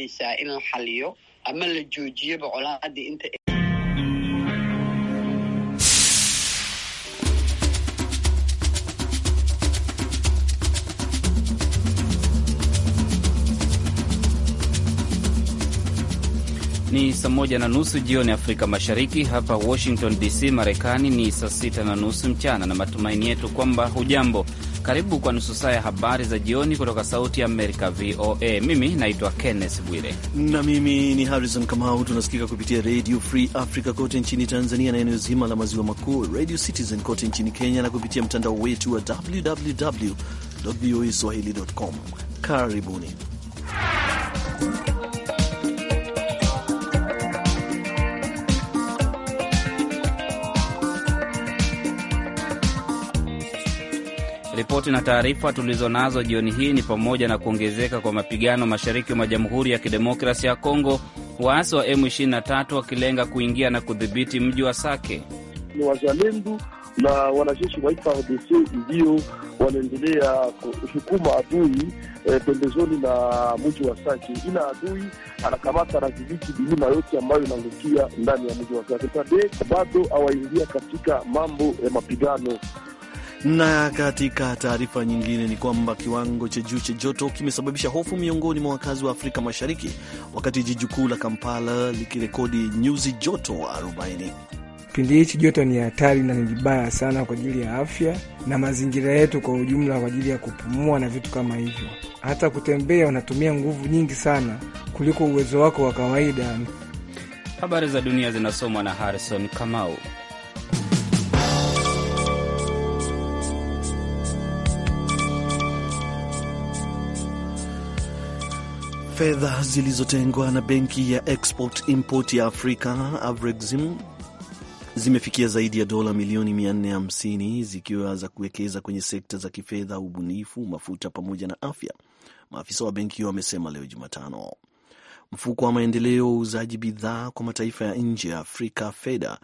in la xaliyo ama la joojiyoba colaadii inta Ni saa moja na nusu jioni Afrika Mashariki. Hapa Washington DC, Marekani ni saa sita na nusu mchana, na matumaini yetu kwamba hujambo karibu kwa nusu saa ya habari za jioni kutoka Sauti ya Amerika, VOA. Mimi naitwa Kenneth Bwire na mimi ni Harrison Kamau. Tunasikika kupitia Radio Free Africa kote nchini Tanzania na eneo zima la maziwa makuu, Radio Citizen kote nchini Kenya na kupitia mtandao wetu wa www voa swahili.com. Karibuni Ripoti na taarifa tulizonazo jioni hii ni pamoja na kuongezeka kwa mapigano mashariki mwa Jamhuri ya Kidemokrasi ya Kongo, waasi wa M23 wakilenga kuingia na kudhibiti mji wa Sake. Ni wazalendo na wanajeshi wa FARDC ndio wanaendelea kusukuma adui e, pembezoni na mji wa Sake, ila adui anakamata na kidhibiti milima yote ambayo inaangukia ndani ya mji wa Sake. Tade bado awaingia katika mambo ya mapigano. Na katika taarifa nyingine ni kwamba kiwango cha juu cha joto kimesababisha hofu miongoni mwa wakazi wa Afrika Mashariki, wakati jiji kuu la Kampala likirekodi nyuzi joto 40. Kipindi hichi joto ni hatari na ni vibaya sana kwa ajili ya afya na mazingira yetu kwa ujumla, kwa ajili ya kupumua na vitu kama hivyo. Hata kutembea unatumia nguvu nyingi sana kuliko uwezo wako wa kawaida. Habari za dunia zinasomwa na Harrison Kamau. Fedha zilizotengwa na benki ya Export Import ya Afrika Afrexim zimefikia zaidi ya dola milioni 450 zikiwa za kuwekeza kwenye sekta za kifedha, ubunifu, mafuta pamoja na afya, maafisa wa benki hiyo wamesema leo Jumatano. Mfuko wa maendeleo wa uuzaji bidhaa kwa mataifa ya nje ya Afrika, FEDA,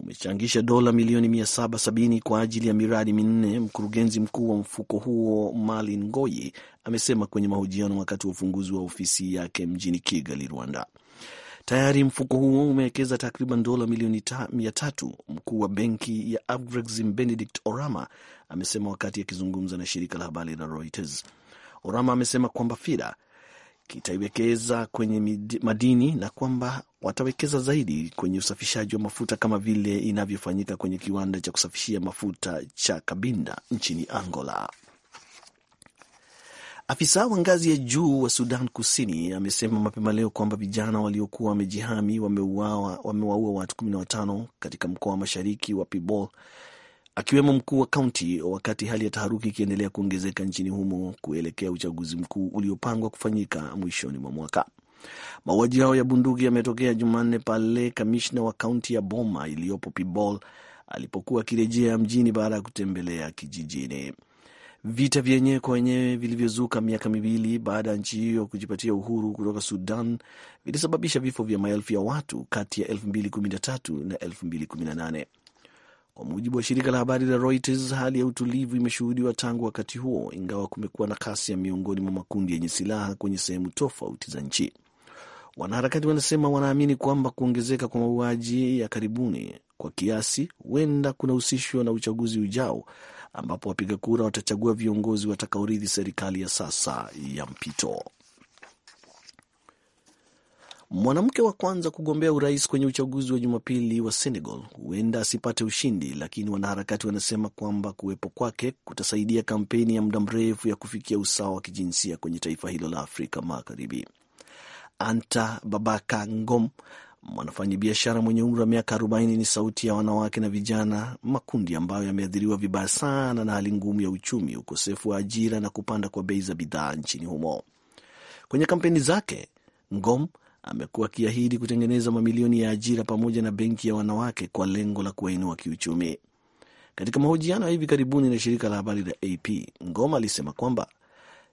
umechangisha dola milioni 770 kwa ajili ya miradi minne. Mkurugenzi mkuu wa mfuko huo Malin Ngoyi amesema kwenye mahojiano wakati wa ufunguzi wa ofisi yake mjini Kigali, Rwanda. Tayari mfuko huo umewekeza takriban dola milioni mia tatu. Mkuu wa benki ya Afrexim Benedict Orama amesema wakati akizungumza na shirika la habari la Reuters. Orama amesema kwamba FIDA kitaiwekeza kwenye madini na kwamba watawekeza zaidi kwenye usafishaji wa mafuta kama vile inavyofanyika kwenye kiwanda cha kusafishia mafuta cha Cabinda nchini Angola. Afisa wa ngazi ya juu wa Sudan Kusini amesema mapema leo kwamba vijana waliokuwa wamejihami wamewaua watu 15 katika mkoa wa mashariki wa Pibor akiwemo mkuu wa kaunti, wakati hali ya taharuki ikiendelea kuongezeka nchini humo kuelekea uchaguzi mkuu uliopangwa kufanyika mwishoni mwa mwaka. Mauaji hayo ya bunduki yametokea Jumanne pale kamishna wa kaunti ya Boma iliyopo Pibol alipokuwa akirejea mjini baada ya kutembelea kijijini. Vita vyenyewe kwa wenyewe vilivyozuka miaka miwili baada ya nchi hiyo kujipatia uhuru kutoka Sudan vilisababisha vifo vya maelfu ya watu kati ya 2013 na 2018. Kwa mujibu wa shirika la habari la Reuters, hali ya utulivu imeshuhudiwa tangu wakati huo, ingawa kumekuwa na kasi ya miongoni mwa makundi yenye silaha kwenye sehemu tofauti za nchi. Wanaharakati wanasema wanaamini kwamba kuongezeka kwa mauaji ya karibuni kwa kiasi huenda kunahusishwa na uchaguzi ujao ambapo wapiga kura watachagua viongozi watakaoridhi serikali ya sasa ya mpito. Mwanamke wa kwanza kugombea urais kwenye uchaguzi wa Jumapili wa Senegal huenda asipate ushindi, lakini wanaharakati wanasema kwamba kuwepo kwake kutasaidia kampeni ya muda mrefu ya kufikia usawa wa kijinsia kwenye taifa hilo la Afrika Magharibi. Anta Babaka Ngom, mwanafanyabiashara mwenye umri wa miaka 40, ni sauti ya wanawake na vijana, makundi ambayo yameathiriwa vibaya sana na hali ngumu ya uchumi, ukosefu wa ajira na kupanda kwa bei za bidhaa nchini humo. Kwenye kampeni zake Ngom amekuwa akiahidi kutengeneza mamilioni ya ajira pamoja na benki ya wanawake kwa lengo la kuwainua kiuchumi. Katika mahojiano ya hivi karibuni na shirika la habari la AP, Ngoma alisema kwamba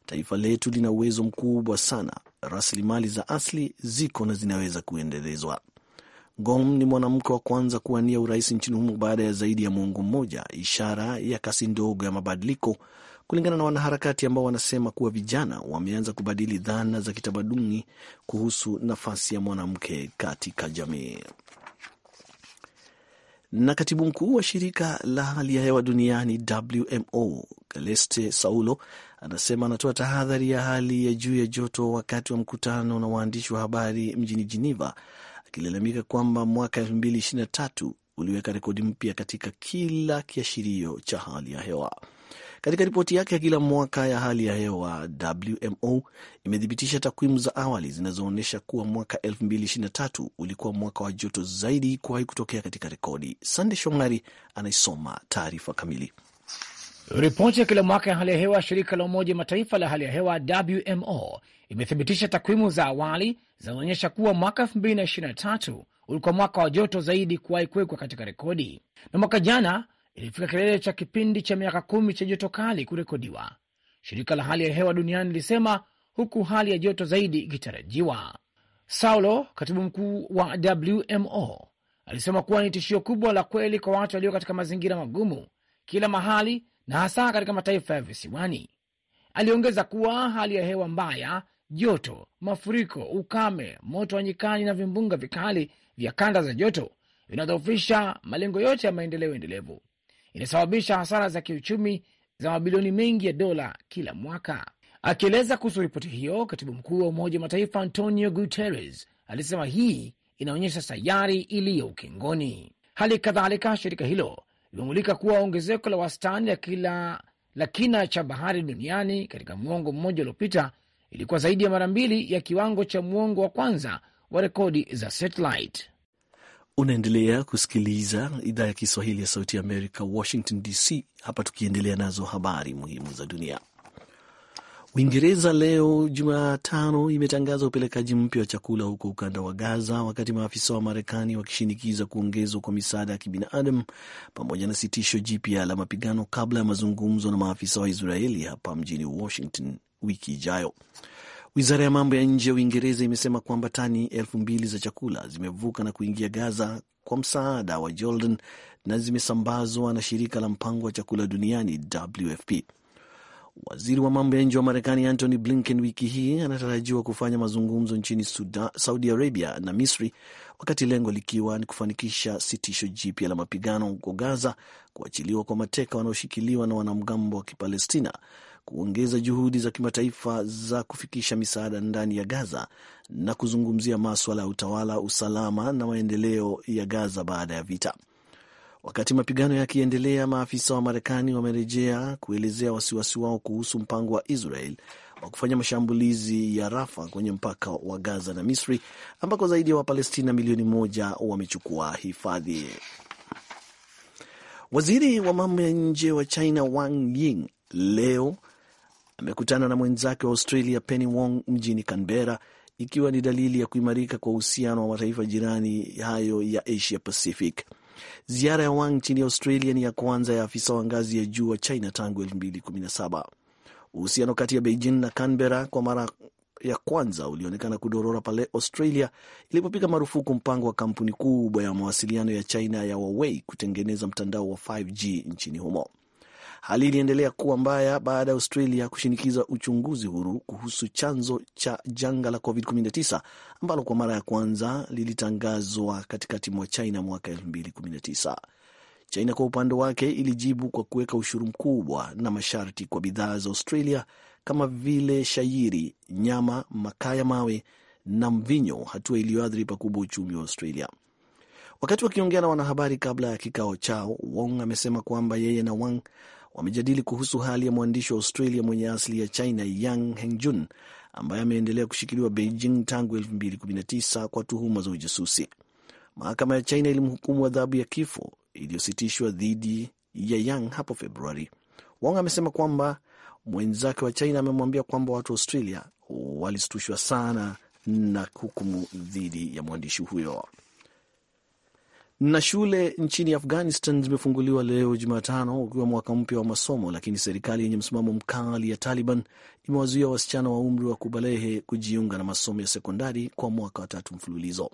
taifa letu lina uwezo mkubwa sana, rasilimali za asili ziko na zinaweza kuendelezwa. Ngom ni mwanamke wa kwanza kuwania urais nchini humo baada ya zaidi ya mwongo mmoja, ishara ya kasi ndogo ya mabadiliko kulingana na wanaharakati ambao wanasema kuwa vijana wameanza kubadili dhana za kitamaduni kuhusu nafasi ya mwanamke katika jamii. Na katibu mkuu wa shirika la hali ya hewa duniani WMO Celeste Saulo anasema anatoa tahadhari ya hali ya juu ya joto wakati wa mkutano na waandishi wa habari mjini Geneva, akilalamika kwamba mwaka 2023 uliweka rekodi mpya katika kila kiashirio cha hali ya hewa. Katika ripoti yake ya kila mwaka ya hali ya hewa, WMO imethibitisha takwimu za awali zinazoonyesha kuwa mwaka 2023 ulikuwa mwaka wa joto zaidi kuwahi kutokea katika rekodi. Sande Shomari anaisoma taarifa kamili. Ripoti ya kila mwaka ya hali ya hewa shirika la Umoja Mataifa la hali ya hewa WMO imethibitisha takwimu za awali zinazoonyesha kuwa mwaka 2023 ulikuwa mwaka wa joto zaidi kuwahi kuwekwa katika rekodi, na mwaka jana ilifika kilele cha kipindi cha miaka kumi cha joto kali kurekodiwa, shirika la hali ya hewa duniani lilisema, huku hali ya joto zaidi ikitarajiwa. Saulo, katibu mkuu wa WMO, alisema kuwa ni tishio kubwa la kweli kwa watu walio katika mazingira magumu kila mahali na hasa katika mataifa ya visiwani. Aliongeza kuwa hali ya hewa mbaya, joto, mafuriko, ukame, moto wa nyikani na vimbunga vikali vya kanda za joto vinadhoofisha malengo yote ya maendeleo endelevu inasababisha hasara za kiuchumi za mabilioni mengi ya dola kila mwaka. Akieleza kuhusu ripoti hiyo, katibu mkuu wa Umoja wa Mataifa Antonio Guterres alisema hii inaonyesha sayari iliyo ukingoni. Hali kadhalika, shirika hilo limemulika kuwa ongezeko la wastani la kila la kina cha bahari duniani katika mwongo mmoja uliopita ilikuwa zaidi ya mara mbili ya kiwango cha mwongo wa kwanza wa rekodi za satellite. Unaendelea kusikiliza idhaa ya Kiswahili ya Sauti ya Amerika, Washington DC, hapa tukiendelea nazo habari muhimu za dunia. Uingereza leo Jumatano imetangaza upelekaji mpya wa chakula huko ukanda wa Gaza, wakati maafisa wa Marekani wakishinikiza kuongezwa kwa misaada ya kibinadamu pamoja na sitisho jipya la mapigano kabla ya mazungumzo na maafisa wa Israeli hapa mjini Washington wiki ijayo. Wizara ya mambo ya nje ya Uingereza imesema kwamba tani elfu mbili za chakula zimevuka na kuingia Gaza kwa msaada wa Jordan na zimesambazwa na shirika la mpango wa chakula duniani WFP. Waziri wa mambo ya nje wa Marekani Antony Blinken wiki hii anatarajiwa kufanya mazungumzo nchini Sudan, Saudi Arabia na Misri, wakati lengo likiwa ni kufanikisha sitisho jipya la mapigano huko Gaza, kuachiliwa kwa mateka wanaoshikiliwa na wanamgambo wa Kipalestina kuongeza juhudi za kimataifa za kufikisha misaada ndani ya Gaza na kuzungumzia maswala ya utawala, usalama na maendeleo ya Gaza baada ya vita. Wakati mapigano yakiendelea, maafisa wa Marekani wamerejea kuelezea wasiwasi wao kuhusu mpango wa Israel wa kufanya mashambulizi ya Rafa kwenye mpaka wa Gaza na Misri ambako zaidi ya wa Wapalestina milioni moja wamechukua hifadhi. Waziri wa mambo ya nje wa China Wang Ying leo amekutana na mwenzake wa Australia Penny Wong mjini Canberra, ikiwa ni dalili ya kuimarika kwa uhusiano wa mataifa jirani hayo ya Asia Pacific. Ziara ya Wang nchini Australia ni ya kwanza ya afisa wa ngazi ya juu wa China tangu 2017. Uhusiano kati ya Beijing na Canberra kwa mara ya kwanza ulionekana kudorora pale Australia ilipopiga marufuku mpango wa kampuni kubwa ya mawasiliano ya China ya Huawei kutengeneza mtandao wa 5G nchini humo. Hali iliendelea kuwa mbaya baada ya Australia kushinikiza uchunguzi huru kuhusu chanzo cha janga la COVID-19 ambalo kwa mara ya kwanza lilitangazwa katikati mwa China mwaka 2019. China kwa upande wake ilijibu kwa kuweka ushuru mkubwa na masharti kwa bidhaa za Australia kama vile shayiri, nyama, makaa ya mawe na mvinyo, hatua iliyoathiri pakubwa uchumi wa Australia. Wakati wakiongea na wanahabari kabla ya kikao chao, Wong amesema kwamba yeye na Wang wamejadili kuhusu hali ya mwandishi wa Australia mwenye asili ya China Yang Hengjun ambaye ameendelea kushikiliwa Beijing tangu 2019 kwa tuhuma za ujasusi. Mahakama ya China ilimhukumu adhabu ya kifo iliyositishwa dhidi ya Yang hapo Februari. Wang amesema kwamba mwenzake wa China amemwambia kwamba watu wa Australia walistushwa sana na hukumu dhidi ya mwandishi huyo. Na shule nchini Afghanistan zimefunguliwa leo Jumatano ukiwa mwaka mpya wa masomo, lakini serikali yenye msimamo mkali ya Taliban imewazuia wasichana wa umri wa kubalehe kujiunga na masomo ya sekondari kwa mwaka wa tatu mfululizo.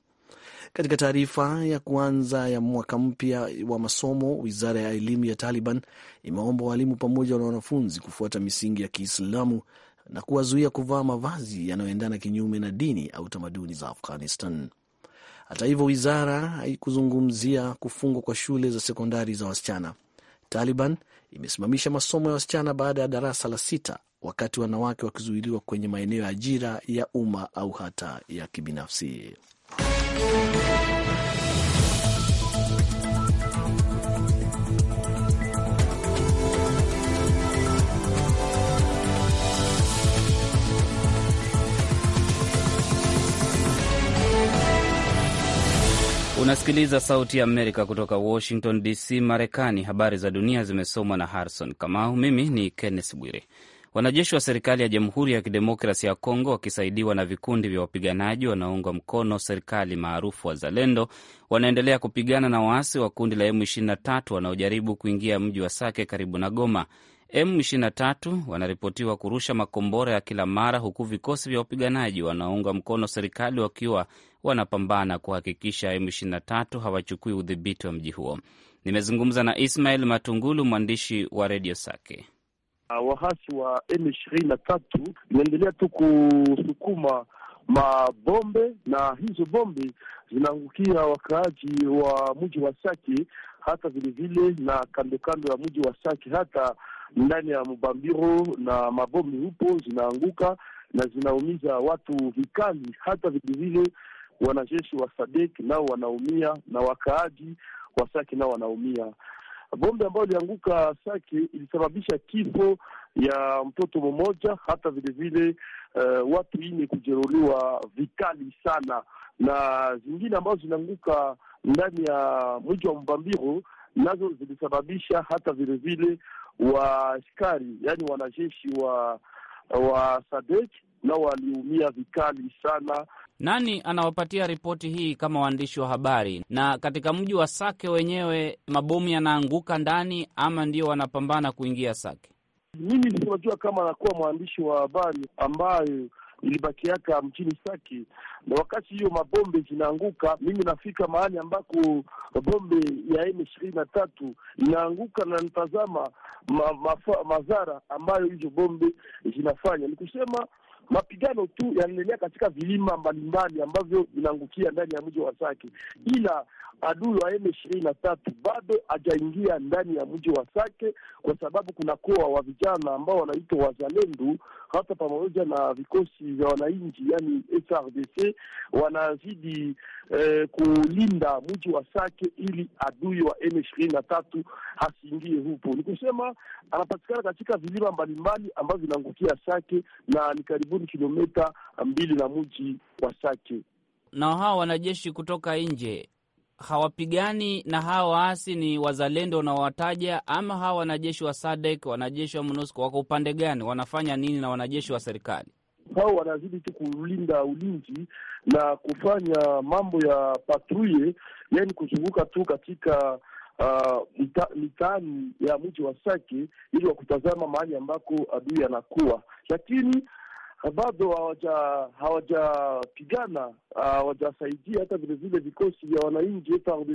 Katika taarifa ya kwanza ya mwaka mpya wa masomo, wizara ya elimu ya Taliban imeomba walimu pamoja na wanafunzi kufuata misingi ya Kiislamu na kuwazuia kuvaa mavazi yanayoendana kinyume na dini au tamaduni za Afghanistan. Hata hivyo, wizara haikuzungumzia kufungwa kwa shule za sekondari za wasichana. Taliban imesimamisha masomo ya wasichana baada ya darasa la sita, wakati wanawake wakizuiliwa kwenye maeneo ya ajira ya umma au hata ya kibinafsi. Unasikiliza Sauti ya Amerika kutoka Washington DC, Marekani. Habari za dunia zimesomwa na Harrison Kamau. Mimi ni Kenneth Bwire. Wanajeshi wa serikali ya Jamhuri ya Kidemokrasi ya Kongo wakisaidiwa na vikundi vya wapiganaji wanaoungwa mkono serikali maarufu Wazalendo wanaendelea kupigana na waasi wa kundi la M23 wanaojaribu kuingia mji wa Sake karibu na Goma. M23 wanaripotiwa kurusha makombora ya kila mara, huku vikosi vya wapiganaji wanaounga mkono serikali wakiwa wanapambana kuhakikisha M23 hawachukui udhibiti wa mji huo. Nimezungumza na Ismail Matungulu, mwandishi wa redio Sake. Ah, wahasi wa M23 inaendelea tu kusukuma mabombe na hizo bombe zinaangukia wakaaji wa mji wa Sake, hata vilevile na kando kando ya mji wa Sake, hata ndani ya mbambiro na mabombe hupo zinaanguka na zinaumiza watu vikali, hata vilevile wanajeshi wa Sadek nao wanaumia na wakaaji wa Sake nao wanaumia. Bombe ambayo ilianguka Sake ilisababisha kifo ya mtoto mmoja, hata vilevile uh, eh, watu ine kujeruhiwa vikali sana, na zingine ambazo zinaanguka ndani ya mji wa Mbambiro nazo zilisababisha hata vilevile waaskari, yaani wanajeshi wa wa Sadek na waliumia vikali sana. Nani anawapatia ripoti hii kama waandishi wa habari? Na katika mji wa Sake wenyewe mabomu yanaanguka ndani ama ndio wanapambana kuingia Sake? Mimi sinajua kama anakuwa mwandishi wa habari ambayo ilibakiaka mjini Saki, na wakati hiyo mabombe zinaanguka, mimi nafika mahali ambako bombe ya M ishirini na tatu inaanguka na nitazama ma, ma, madhara ambayo hizo bombe zinafanya. Ni kusema mapigano tu yanaendelea katika vilima mbalimbali ambavyo vinaangukia ndani ya mji wa Sake, ila adui wa M ishirini na tatu bado hajaingia ndani ya mji wa Sake kwa sababu kuna koa wa vijana ambao wanaitwa wazalendu hata pamoja na vikosi vya wananchi, yani SRDC wanazidi eh, kulinda mji wa Sake ili adui wa M ishirini na tatu asiingie hupo. Ni kusema anapatikana katika vilima mbalimbali ambavyo vinaangukia Sake na ni karibuni kilomita mbili na mji wa Sake. Na hawa wanajeshi kutoka nje hawapigani na hawa waasi, ni wazalendo wanaowataja, ama hawa wanajeshi wa SADC, wanajeshi wa MONUSCO wako upande gani? Wanafanya nini na wanajeshi wa serikali? Hao wanazidi tu kulinda ulinzi na kufanya mambo ya patruye yani kuzunguka tu katika Uh, mita, mitaani ya mji wa Sake ili wakutazama mahali ambako adui anakuwa, lakini bado hawajapigana hawajasaidia hata vilevile vikosi vya wananchi wa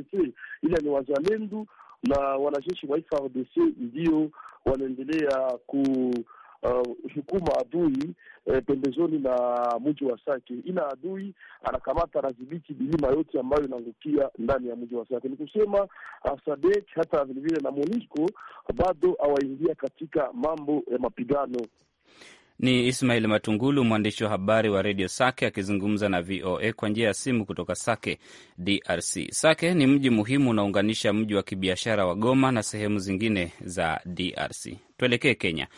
ila ni wazalendo na wanajeshi wa FARDC ndio wanaendelea kushukuma uh, adui eh, pembezoni na mji wa Sake, ila adui anakamata anadhibiti milima yote ambayo inaangukia ndani ya mji wa Sake. Ni kusema uh, Sadek hata vilevile na Monisco bado hawaingia katika mambo ya mapigano. Ni Ismail Matungulu, mwandishi wa habari wa redio Sake akizungumza na VOA kwa njia ya simu kutoka Sake, DRC. Sake ni mji muhimu unaounganisha mji wa kibiashara wa Goma na sehemu zingine za DRC. Tuelekee Kenya.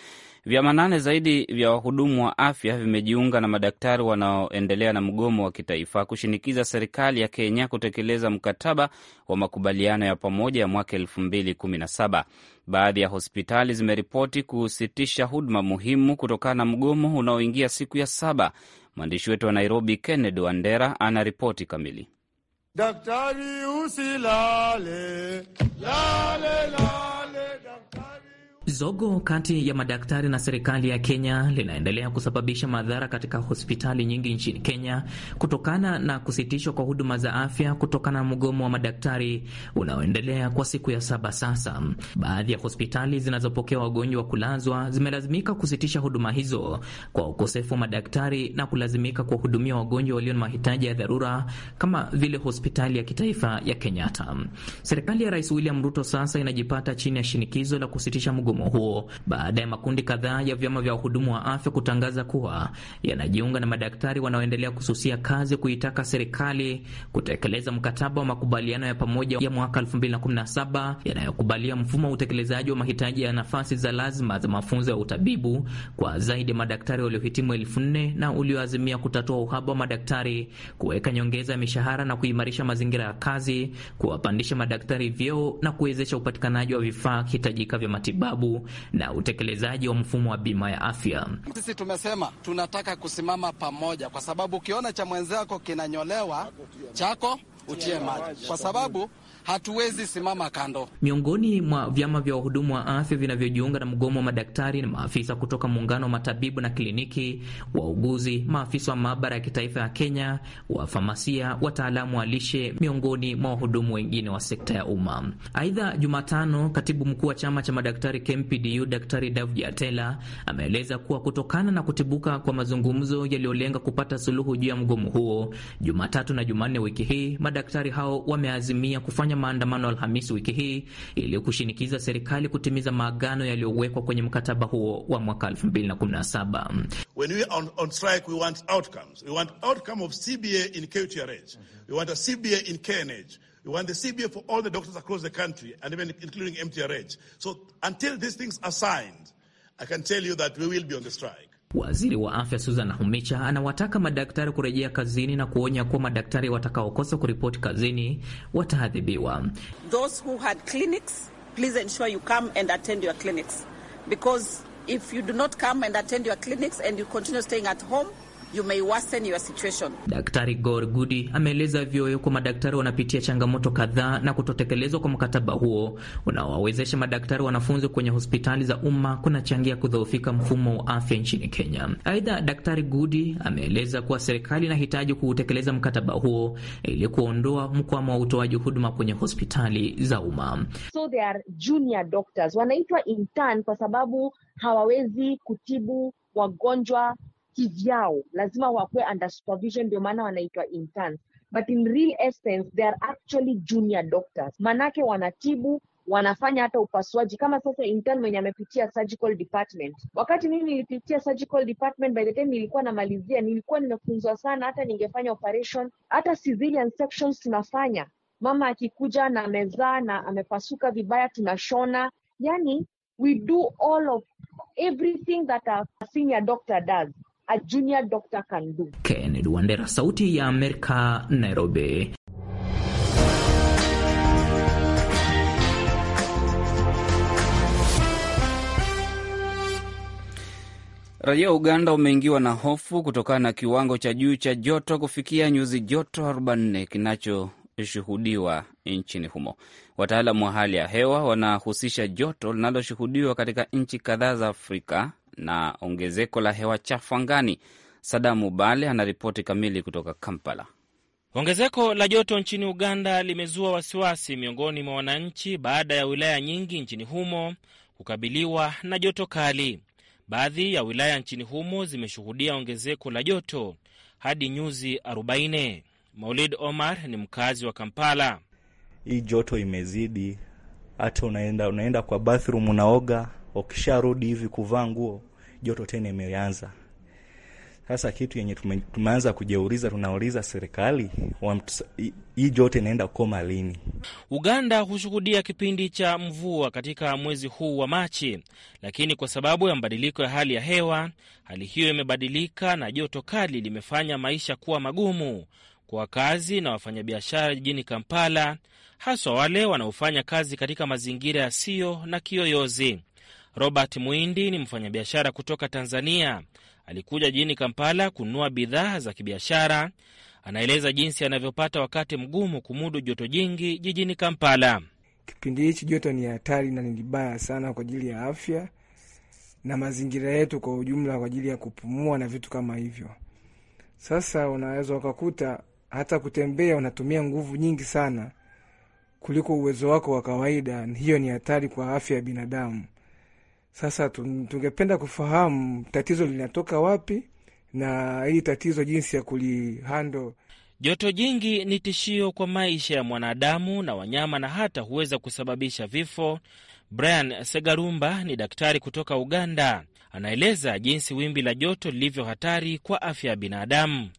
Vyama nane zaidi vya wahudumu wa afya vimejiunga na madaktari wanaoendelea na mgomo wa kitaifa kushinikiza serikali ya Kenya kutekeleza mkataba wa makubaliano ya pamoja ya mwaka elfu mbili kumi na saba. Baadhi ya hospitali zimeripoti kusitisha huduma muhimu kutokana na mgomo unaoingia siku ya saba. Mwandishi wetu wa Nairobi, Kennedy Wandera, ana ripoti kamili. Daktari usilale, lale, lale. Zogo kati ya madaktari na serikali ya Kenya linaendelea kusababisha madhara katika hospitali nyingi nchini Kenya kutokana na kusitishwa kwa huduma za afya kutokana na mgomo wa madaktari unaoendelea kwa siku ya saba sasa. Baadhi ya hospitali zinazopokea wagonjwa wa kulazwa zimelazimika kusitisha huduma hizo kwa ukosefu wa madaktari na kulazimika kuwahudumia wagonjwa walio na mahitaji ya dharura kama vile hospitali ya kitaifa ya Kenyatta. Serikali ya Rais William Ruto sasa inajipata chini ya shinikizo la kusitisha mgomo mgomo huo baada ya makundi kadhaa ya vyama vya wahudumu wa afya kutangaza kuwa yanajiunga na madaktari wanaoendelea kususia kazi kuitaka serikali kutekeleza mkataba wa makubaliano ya pamoja ya mwaka 2017 yanayokubalia mfumo wa utekelezaji wa mahitaji ya nafasi za lazima za mafunzo ya utabibu kwa zaidi ya madaktari waliohitimu elfu nne na ulioazimia kutatua uhaba wa madaktari, kuweka nyongeza ya mishahara na kuimarisha mazingira ya kazi, kuwapandisha madaktari vyeo na kuwezesha upatikanaji wa vifaa hitajika vya matibabu matibabu na utekelezaji wa mfumo wa bima ya afya. Sisi tumesema tunataka kusimama pamoja, kwa sababu ukiona cha mwenzako kinanyolewa chako utie maji, kwa sababu hatuwezi simama kando. Miongoni mwa vyama vya wahudumu wa afya vinavyojiunga na mgomo wa madaktari na maafisa kutoka muungano wa matabibu na kliniki, wauguzi, maafisa wa maabara ya kitaifa ya Kenya, wafamasia, wataalamu wa lishe, miongoni mwa wahudumu wengine wa sekta ya umma. Aidha, Jumatano, katibu mkuu wa chama cha madaktari KMPDU Daktari Davji Atela ameeleza kuwa kutokana na kutibuka kwa mazungumzo yaliyolenga kupata suluhu juu ya mgomo huo, Jumatatu na Jumanne wiki hii madaktari hao wameazimia kufanya kufanya maandamano Alhamisi wiki hii ili kushinikiza serikali kutimiza maagano yaliyowekwa kwenye mkataba huo wa mwaka 2017. When we on, on strike we want outcomes. We want outcome of CBA in KTRH. We want a CBA in KNH. We want the CBA for all the doctors across the country and even including MTRH. So until these things are signed, I can tell you that we will be on the strike. Waziri wa afya Susan Humicha anawataka madaktari kurejea kazini na kuonya kuwa madaktari watakaokosa kuripoti kazini wataadhibiwa. If you do not come and attend your clinics and you continue staying at home, You may worsen your situation. Daktari Gor Gudi ameeleza vyoyo kuwa madaktari wanapitia changamoto kadhaa na kutotekelezwa kwa mkataba huo unaowawezesha madaktari wanafunzi kwenye hospitali za umma kunachangia kudhoofika mfumo wa afya nchini Kenya. Aidha, Daktari Gudi ameeleza kuwa serikali inahitaji kuutekeleza mkataba huo ili kuondoa mkwamo wa utoaji huduma kwenye hospitali za umma. So they are junior doctors, wanaitwa intern kwa sababu hawawezi kutibu wagonjwa kivyao, lazima wakwe under supervision, ndio maana wanaitwa interns, but in real essence they are actually junior doctors, manake wanatibu wanafanya hata upasuaji kama sasa intern mwenye amepitia surgical department. Wakati mimi nilipitia surgical department, by the time nilikuwa namalizia, nilikuwa nimefunzwa sana, hata ningefanya operation, hata civilian sections tunafanya. Mama akikuja na amezaa na amepasuka vibaya, tunashona. Yani we do all of everything that a senior doctor does a junior doctor can do. Kennedy Wandera, Sauti ya Amerika, Nairobi. Raia wa Uganda umeingiwa na hofu kutokana na kiwango cha juu cha joto kufikia nyuzi joto 44 kinachoshuhudiwa nchini humo. Wataalamu wa hali ya hewa wanahusisha joto linaloshuhudiwa katika nchi kadhaa za Afrika na ongezeko la hewa chafu angani. Sadamu Bale anaripoti kamili kutoka Kampala. Ongezeko la joto nchini Uganda limezua wasiwasi miongoni mwa wananchi baada ya wilaya nyingi nchini humo kukabiliwa na joto kali. Baadhi ya wilaya nchini humo zimeshuhudia ongezeko la joto hadi nyuzi 40. Maulid Omar ni mkazi wa Kampala. Hii joto imezidi, hata unaenda, unaenda kwa bathroom unaoga, ukisharudi hivi kuvaa nguo, joto tena imeanza. Sasa kitu yenye tume, tumeanza kujiuliza, tunauliza serikali, hii joto inaenda kukoma lini? Uganda hushuhudia kipindi cha mvua katika mwezi huu wa Machi, lakini kwa sababu ya mabadiliko ya hali ya hewa, hali hiyo imebadilika na joto kali limefanya maisha kuwa magumu kwa wakazi na wafanyabiashara jijini Kampala, haswa wale wanaofanya kazi katika mazingira yasiyo na kiyoyozi. Robert Mwindi ni mfanyabiashara kutoka Tanzania. Alikuja jijini Kampala kununua bidhaa za kibiashara. Anaeleza jinsi anavyopata wakati mgumu kumudu joto jingi jijini Kampala. Kipindi hichi joto ni hatari na nilibaya sana kwa ajili ya afya na mazingira yetu kwa ujumla, kwa ajili ya kupumua na vitu kama hivyo. Sasa unaweza ukakuta hata kutembea unatumia nguvu nyingi sana kuliko uwezo wako wa kawaida. Hiyo ni hatari kwa afya ya binadamu. Sasa tungependa kufahamu tatizo linatoka wapi na hili tatizo jinsi ya kulihando. Joto jingi ni tishio kwa maisha ya mwanadamu na wanyama na hata huweza kusababisha vifo. Brian Segarumba ni daktari kutoka Uganda, anaeleza jinsi wimbi la joto lilivyo hatari kwa afya ya binadamu.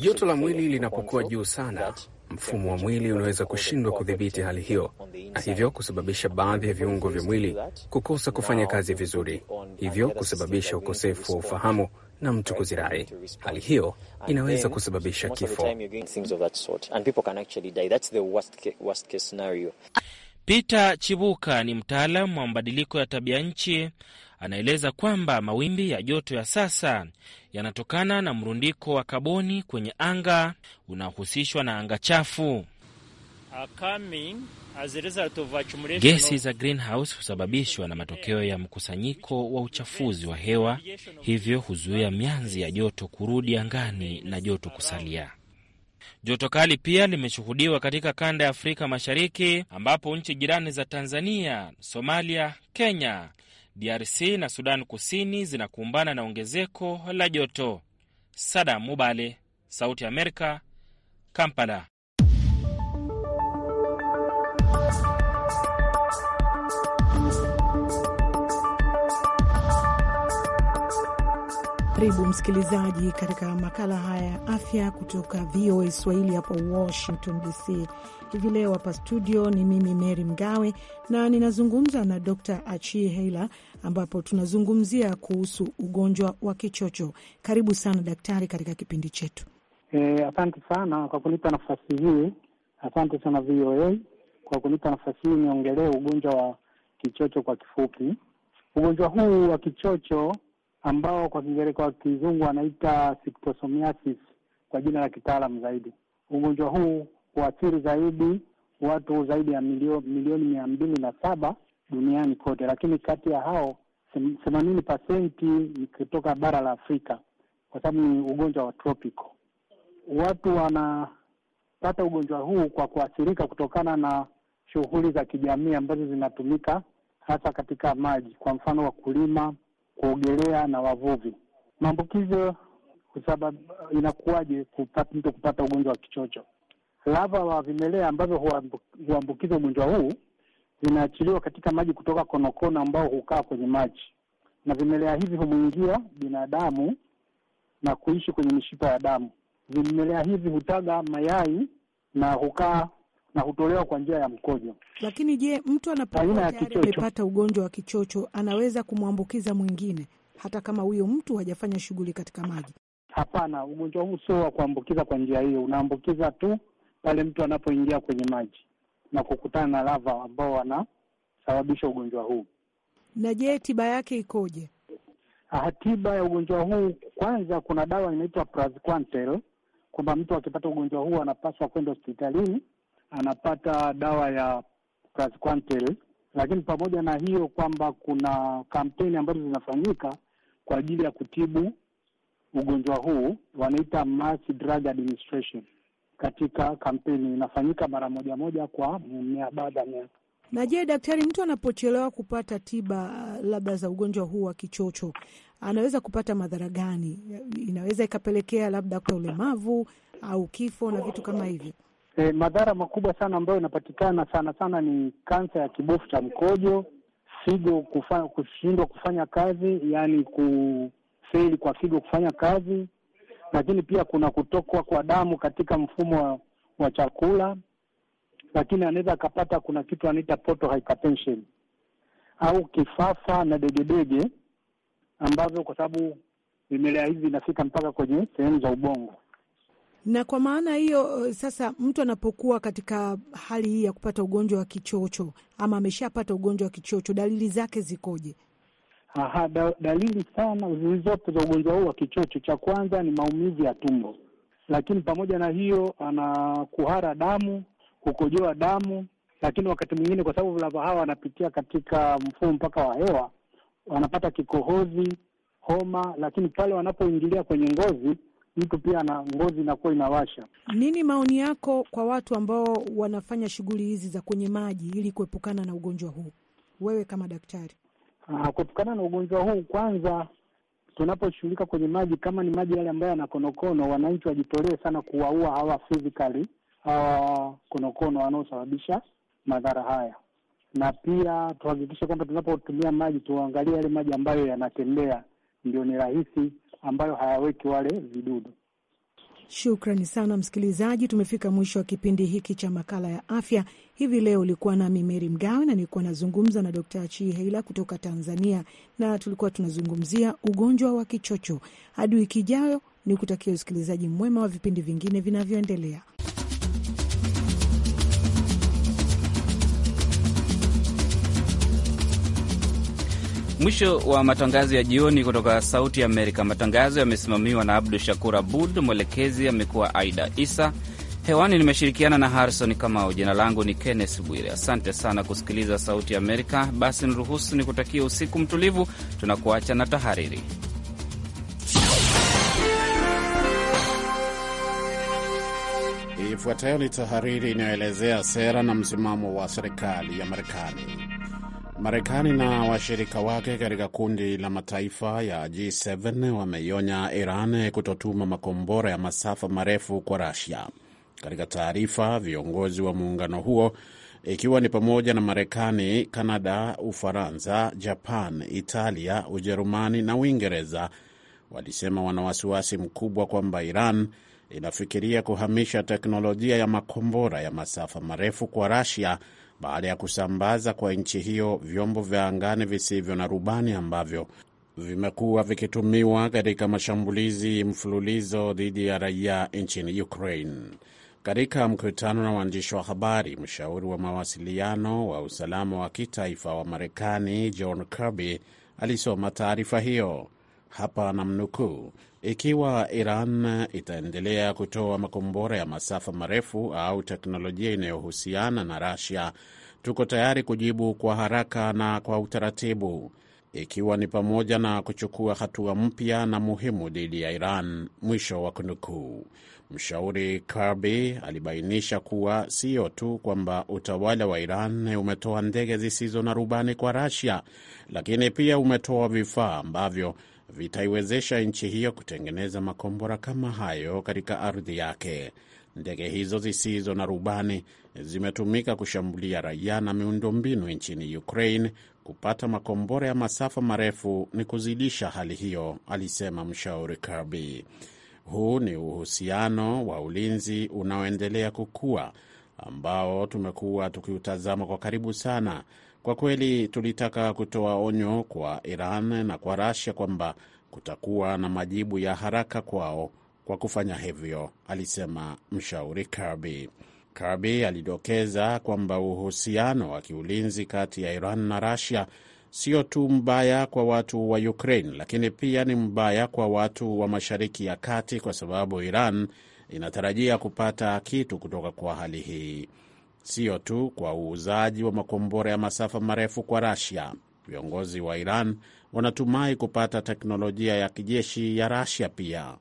Joto la mwili linapokuwa juu sana, mfumo wa mwili unaweza kushindwa kudhibiti hali hiyo na hivyo kusababisha baadhi ya viungo vya mwili kukosa kufanya kazi vizuri, hivyo kusababisha ukosefu wa ufahamu na mtu kuzirai. Hali hiyo inaweza kusababisha kifo. Peter Chibuka ni mtaalamu wa mabadiliko ya tabia nchi anaeleza kwamba mawimbi ya joto ya sasa yanatokana na mrundiko wa kaboni kwenye anga unaohusishwa na anga chafu. Gesi za greenhouse husababishwa na matokeo ya mkusanyiko wa uchafuzi wa hewa, hivyo huzuia mianzi ya joto kurudi angani na joto kusalia. Joto kali pia limeshuhudiwa katika kanda ya Afrika Mashariki, ambapo nchi jirani za Tanzania, Somalia, Kenya DRC na Sudan Kusini zinakumbana na ongezeko la joto. Sada Mubale, Sauti ya Amerika, Kampala. Karibu msikilizaji katika makala haya ya afya kutoka VOA Swahili hapa Washington DC. Hivi leo hapa studio ni mimi Mary Mgawe na ninazungumza na Dr achi Heila, ambapo tunazungumzia kuhusu ugonjwa wa kichocho. Karibu sana daktari katika kipindi chetu. E, asante sana kwa kunipa nafasi hii. Asante sana VOA kwa kunipa nafasi hii niongelee ugonjwa wa kichocho kwa kifupi. Ugonjwa huu wa kichocho ambao kwa Kiingereza kwa kizungu wanaita schistosomiasis kwa jina la kitaalam zaidi. Ugonjwa huu huathiri zaidi watu zaidi ya milio, milioni mia mbili na saba duniani kote, lakini kati ya hao themanini pasenti ni kutoka bara la Afrika kwa sababu ni ugonjwa wa tropico. Watu wanapata ugonjwa huu kwa kuathirika kutokana na shughuli za kijamii ambazo zinatumika hasa katika maji, kwa mfano wakulima kuogelea na wavuvi. Maambukizo sababu inakuwaje kupata mtu kupata ugonjwa wa kichocho? Lava wa vimelea ambavyo huambukiza ugonjwa huu vinaachiliwa katika maji kutoka konokono ambao hukaa kwenye maji, na vimelea hivi humwingia binadamu na kuishi kwenye mishipa ya damu. Vimelea hivi hutaga mayai na hukaa na hutolewa kwa njia ya mkojo. Lakini je, mtu anapokuwa amepata ugonjwa wa kichocho anaweza kumwambukiza mwingine hata kama huyo mtu hajafanya shughuli katika maji? Hapana, ugonjwa huu sio wa kuambukiza kwa njia hiyo. Unaambukiza tu pale mtu anapoingia kwenye maji na kukutana na lava ambao wanasababisha ugonjwa huu. Na je, tiba yake ikoje? Ah, tiba ya ugonjwa huu, kwanza kuna dawa inaitwa Praziquantel, kwamba mtu akipata ugonjwa huu anapaswa kwenda hospitalini anapata dawa ya Praziquantel, lakini pamoja na hiyo kwamba kuna kampeni ambazo zinafanyika kwa ajili ya kutibu ugonjwa huu, wanaita mass drug administration. Katika kampeni inafanyika mara moja moja kwa mia baada ya miaka na je, daktari, mtu anapochelewa kupata tiba labda za ugonjwa huu wa kichocho anaweza kupata madhara gani? Inaweza ikapelekea labda kwa ulemavu au kifo na vitu kama hivyo. E, madhara makubwa sana ambayo inapatikana sana sana ni kansa ya kibofu cha mkojo, figo kushindwa kufanya kazi, yaani kufeli kwa figo kufanya kazi, lakini pia kuna kutokwa kwa damu katika mfumo wa, wa chakula, lakini anaweza akapata kuna kitu anaita portal hypertension au kifafa na degedege ambavyo kwa sababu vimelea hivi vinafika mpaka kwenye sehemu za ubongo. Na kwa maana hiyo eh, sasa, mtu anapokuwa katika hali hii ya kupata ugonjwa wa kichocho ama ameshapata ugonjwa wa kichocho, dalili zake zikoje? Aha, da, dalili sana zilizopo za ugonjwa huu wa kichocho, cha kwanza ni maumivu ya tumbo, lakini pamoja na hiyo ana kuhara damu, kukojoa damu, lakini wakati mwingine kwa sababu lava hawa wanapitia katika mfumo mpaka wa hewa, wanapata kikohozi, homa, lakini pale wanapoingilia kwenye ngozi mtu pia na ngozi inakuwa inawasha. Nini maoni yako kwa watu ambao wanafanya shughuli hizi za kwenye maji ili kuepukana na ugonjwa huu, wewe kama daktari? Ah, kuepukana na ugonjwa huu, kwanza tunaposhughulika kwenye maji, kama ni maji yale ambayo yana konokono, wananchi wajitolee sana kuwaua hawa fizikali, hawa konokono wanaosababisha madhara haya, na pia tuhakikishe kwamba tunapotumia maji tuangalie yale maji ambayo yanatembea ndio ni rahisi, ambayo hayaweki wale vidudu. Shukrani sana msikilizaji, tumefika mwisho wa kipindi hiki cha makala ya afya hivi leo. Ulikuwa nami Meri Mgawe na nilikuwa nazungumza na chi heila kutoka Tanzania, na tulikuwa tunazungumzia ugonjwa wa kichocho. Hadi wiki ijayo, ni kutakia usikilizaji mwema wa vipindi vingine vinavyoendelea. Mwisho wa matangazo ya jioni kutoka Sauti Amerika. Matangazo yamesimamiwa na Abdu Shakur Abud, mwelekezi amekuwa Aida Isa. Hewani nimeshirikiana na Harrison Kamau. Jina langu ni Kenneth Bwire. Asante sana kusikiliza Sauti Amerika. Basi niruhusu ni kutakia usiku mtulivu. Tunakuacha na tahariri. Ifuatayo ni tahariri inayoelezea sera na msimamo wa serikali ya Marekani. Marekani na washirika wake katika kundi la mataifa ya G7 wameionya Iran kutotuma makombora ya masafa marefu kwa Rasia. Katika taarifa, viongozi wa muungano huo ikiwa ni pamoja na Marekani, Kanada, Ufaransa, Japan, Italia, Ujerumani na Uingereza walisema wana wasiwasi mkubwa kwamba Iran inafikiria kuhamisha teknolojia ya makombora ya masafa marefu kwa Rasia baada ya kusambaza kwa nchi hiyo vyombo vya angani visivyo na rubani ambavyo vimekuwa vikitumiwa katika mashambulizi mfululizo dhidi ya raia nchini Ukraine. Katika mkutano na waandishi wa habari, mshauri wa mawasiliano wa usalama wa kitaifa wa Marekani John Kirby alisoma taarifa hiyo. Hapa namnukuu: ikiwa Iran itaendelea kutoa makombora ya masafa marefu au teknolojia inayohusiana na rasia tuko tayari kujibu kwa haraka na kwa utaratibu, ikiwa ni pamoja na kuchukua hatua mpya na muhimu dhidi ya Iran. Mwisho wa kunukuu. Mshauri Kirby alibainisha kuwa siyo tu kwamba utawala wa Iran umetoa ndege zisizo na rubani kwa rasia lakini pia umetoa vifaa ambavyo vitaiwezesha nchi hiyo kutengeneza makombora kama hayo katika ardhi yake. Ndege hizo zisizo na rubani zimetumika kushambulia raia na miundombinu nchini Ukraine. Kupata makombora ya masafa marefu ni kuzidisha hali hiyo, alisema mshauri Kirby. Huu ni uhusiano wa ulinzi unaoendelea kukua ambao tumekuwa tukiutazama kwa karibu sana kwa kweli tulitaka kutoa onyo kwa Iran na kwa rasia kwamba kutakuwa na majibu ya haraka kwao kwa kufanya hivyo, alisema mshauri Kirby. Kirby alidokeza kwamba uhusiano wa kiulinzi kati ya Iran na rasia sio tu mbaya kwa watu wa Ukraine, lakini pia ni mbaya kwa watu wa Mashariki ya Kati, kwa sababu Iran inatarajia kupata kitu kutoka kwa hali hii sio tu kwa uuzaji wa makombora ya masafa marefu kwa Rasia. Viongozi wa Iran wanatumai kupata teknolojia ya kijeshi ya Rasia pia.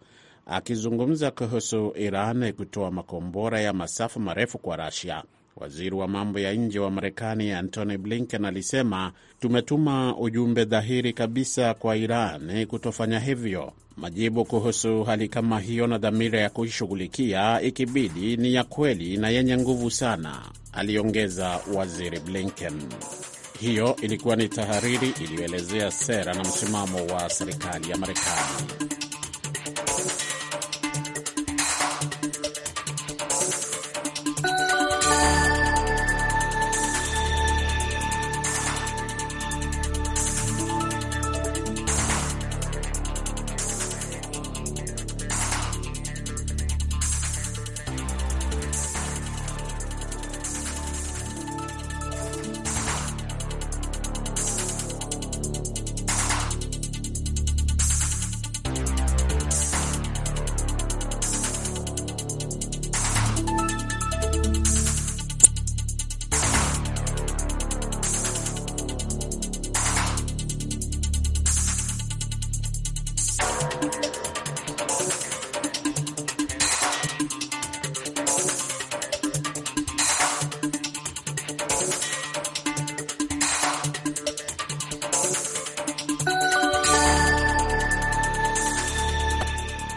Akizungumza kuhusu Iran kutoa makombora ya masafa marefu kwa Rasia, Waziri wa mambo ya nje wa Marekani Antony Blinken alisema, tumetuma ujumbe dhahiri kabisa kwa Iran kutofanya hivyo. Majibu kuhusu hali kama hiyo na dhamira ya kuishughulikia ikibidi ni ya kweli na yenye nguvu sana, aliongeza Waziri Blinken. Hiyo ilikuwa ni tahariri iliyoelezea sera na msimamo wa serikali ya Marekani.